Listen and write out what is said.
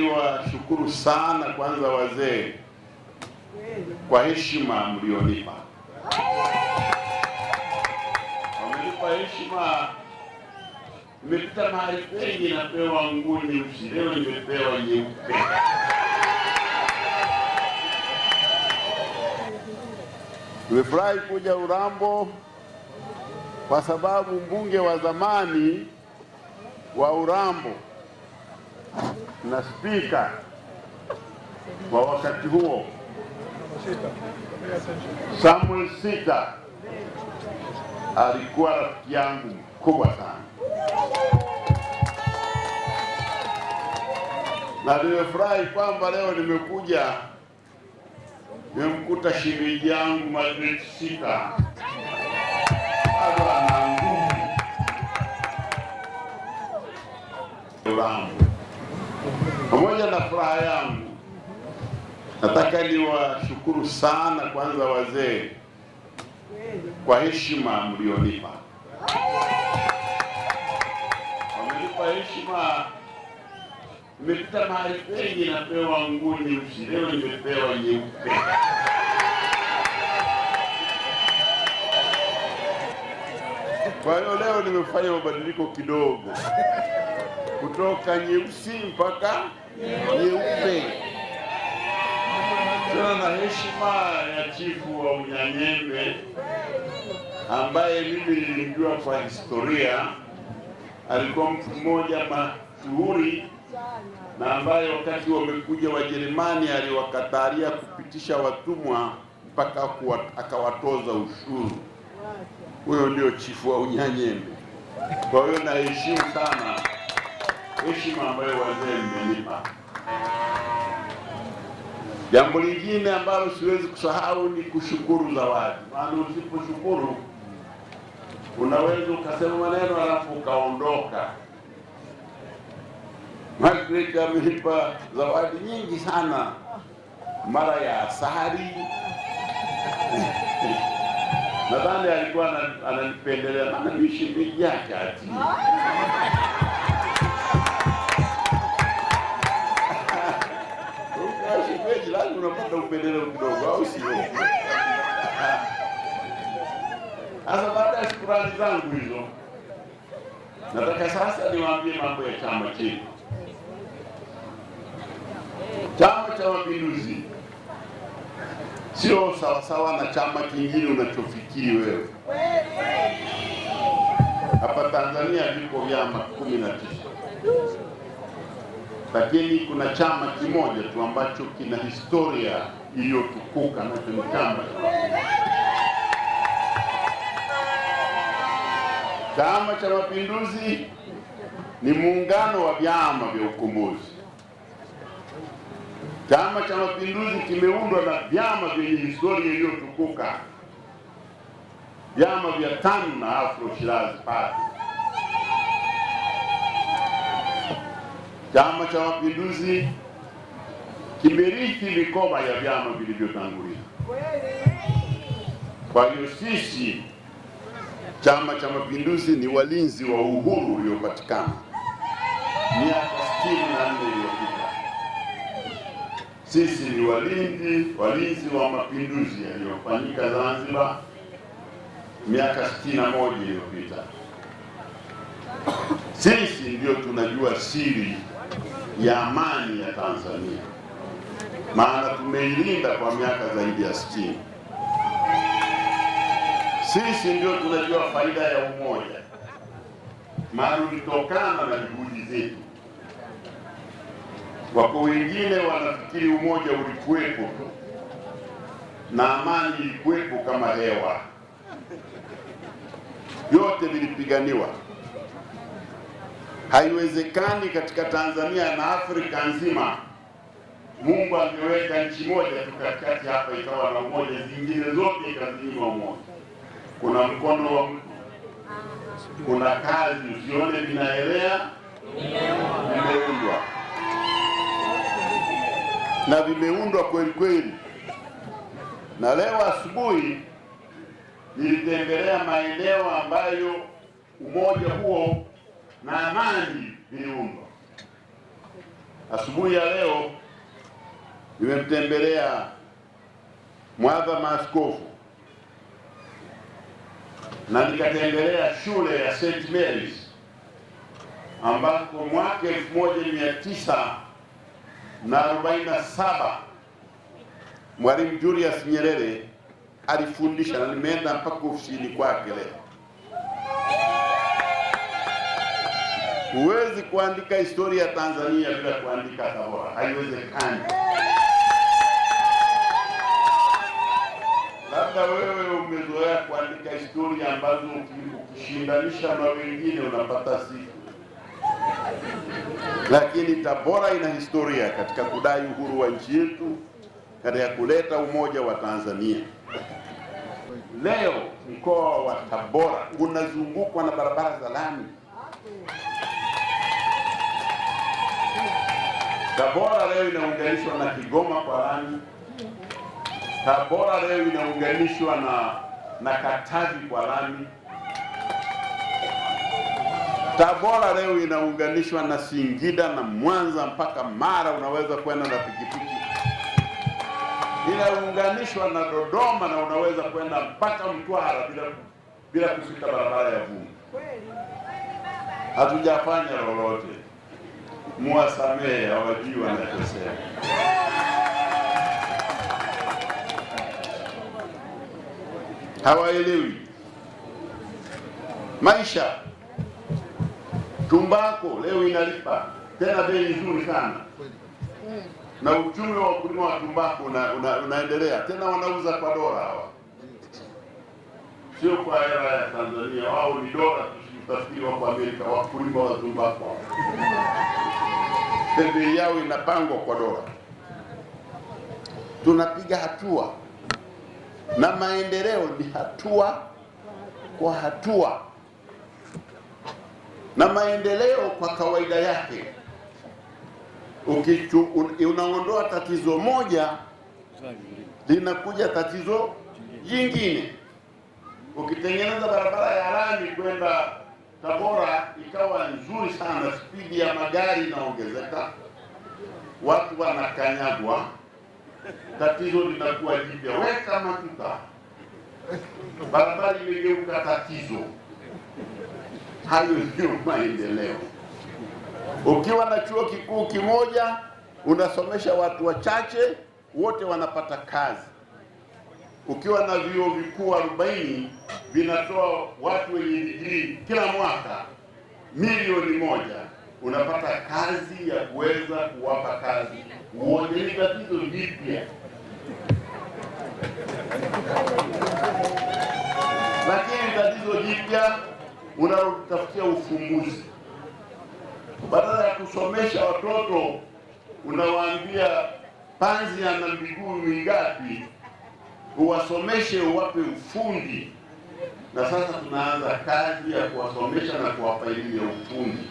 ni washukuru sana kwanza wazee kwa heshima mlionipa, wamenipa heshima. Nimepita mahali pengi napewa nguo nyeusi, leo nimepewa nyeupe. Nimefurahi kuja Urambo kwa sababu mbunge wa zamani wa Urambo na spika wa wakati huo Samuel Sita alikuwa rafiki yangu mkubwa sana, na nimefurahi kwamba leo nimekuja nimemkuta shemeji yangu Margaret Sita bado ana nguvu. Nataka niwashukuru sana kwanza wazee kwa heshima mlionipa, wamenipa heshima. Nimepita mahali pengi napewa nguo nyeusi, leo nimepewa nyeupe. Kwa hiyo leo nimefanya mabadiliko kidogo kutoka nyeusi mpaka nyeupe. Nimepewa na heshima ya chifu wa Unyanyembe ambaye mimi nilijua kwa historia, alikuwa mtu mmoja mashuhuri na ambaye wakati wamekuja Wajerumani aliwakataria kupitisha watumwa mpaka akawatoza ushuru. Huyo ndio chifu wa Unyanyembe. Kwa hiyo naheshimu sana heshima ambayo wazee mmenipa. Jambo lingine ambalo siwezi kusahau ni kushukuru zawadi, maana usiposhukuru unaweza ukasema maneno alafu ukaondoka. Margaret amenipa zawadi nyingi sana, mara ya asari nadhani alikuwa ananipendelea, maana mishi miji yake ati unapata upendeleo kidogo, au sio? Sasa baada ya shukurani zangu hizo, nataka sasa niwaambie mambo ya chama chetu, Chama cha Mapinduzi sio sawasawa na chama kingine unachofikiri wewe. Hapa Tanzania viko vyama kumi na tisa lakini kuna chama kimoja tu ambacho kina historia iliyotukuka nacho ni chama Chama cha Mapinduzi ni muungano wa vyama vya ukombozi. Chama cha Mapinduzi kimeundwa na vyama vyenye historia iliyotukuka, vyama vya TANU na Afro Shirazi Party Chama cha Mapinduzi kimerithi mikoba ya vyama vilivyotangulia. Kwa hiyo sisi Chama cha Mapinduzi ni walinzi wa uhuru uliopatikana miaka sitini na nne iliyopita. Sisi ni walinzi walinzi wa mapinduzi yaliyofanyika Zanzibar miaka sitini na moja iliyopita. Sisi ndio tunajua siri ya amani ya Tanzania, maana tumeilinda kwa miaka zaidi ya 60. Sisi ndio tunajua faida ya umoja, maana ulitokana na juhudi zetu. Wako wengine wanafikiri umoja ulikuwepo tu na amani ilikuwepo kama hewa, yote vilipiganiwa Haiwezekani katika Tanzania na Afrika nzima. Mungu ameweka nchi moja tu katikati hapa ikawa na umoja, zingine zote ikazinyima umoja. Kuna mkono wa mtu, kuna kazi, usione vinaelea, vimeundwa na vimeundwa kweli kweli. Na leo asubuhi nilitembelea maeneo ambayo umoja huo na amani viliumbwa. Asubuhi ya leo nimemtembelea mwadha maskofu na nikatembelea shule ya St Mary's ambako mwaka saba Mwalimu Julius Nyerere alifundisha na nimeenda mpaka ofisini kwake leo. Huwezi kuandika historia ya Tanzania bila kuandika Tabora, haiwezekani. Labda wewe umezoea kuandika historia ambazo ukishindanisha na wengine unapata sifa, lakini Tabora ina historia katika kudai uhuru wa nchi yetu, katika kuleta umoja wa Tanzania. Leo mkoa wa Tabora unazungukwa na barabara za lami. Tabora leo inaunganishwa na Kigoma kwa lami. Tabora leo inaunganishwa na, na Katavi kwa lami. Tabora leo inaunganishwa na Singida na Mwanza mpaka Mara, unaweza kwenda na pikipiki. Inaunganishwa na Dodoma na unaweza kwenda mpaka Mtwara bila, bila kushika barabara ya vumbi. Hatujafanya lolote muwasamehe, hawajui wanakosea. Hawaelewi maisha. Tumbako leo inalipa tena bei nzuri sana, na uchumi wa wakulima wa tumbako una, una, unaendelea tena, wanauza kwa dola hawa, sio kwa hela ya Tanzania. Wao ni dola, tutafikiri wako Amerika, wakulima wa tumbako bei yao inapangwa kwa dola. Tunapiga hatua na maendeleo ni hatua kwa hatua, na maendeleo kwa kawaida yake ukichu, unaondoa tatizo moja linakuja tatizo jingine. Ukitengeneza barabara ya lami kwenda Tabora ikawa nzuri sana, spidi ya magari inaongezeka, watu wanakanyagwa, tatizo linakuwa jipya. Weka matuta, barabara imegeuka tatizo. Hayo ndiyo maendeleo. Ukiwa na chuo kikuu kimoja unasomesha watu wachache, wote wanapata kazi. Ukiwa na vyuo vikuu arobaini vinatoa watu wenye digrii kila mwaka milioni moja, unapata kazi ya kuweza kuwapa kazi. Uone tatizo jipya, lakini tatizo jipya unaotafutia ufumbuzi. Badala ya kusomesha watoto unawaambia panzi ana miguu mingapi, uwasomeshe, uwape ufundi na sasa tunaanza kazi ya kuwasomesha na kuwapaimia ufundi.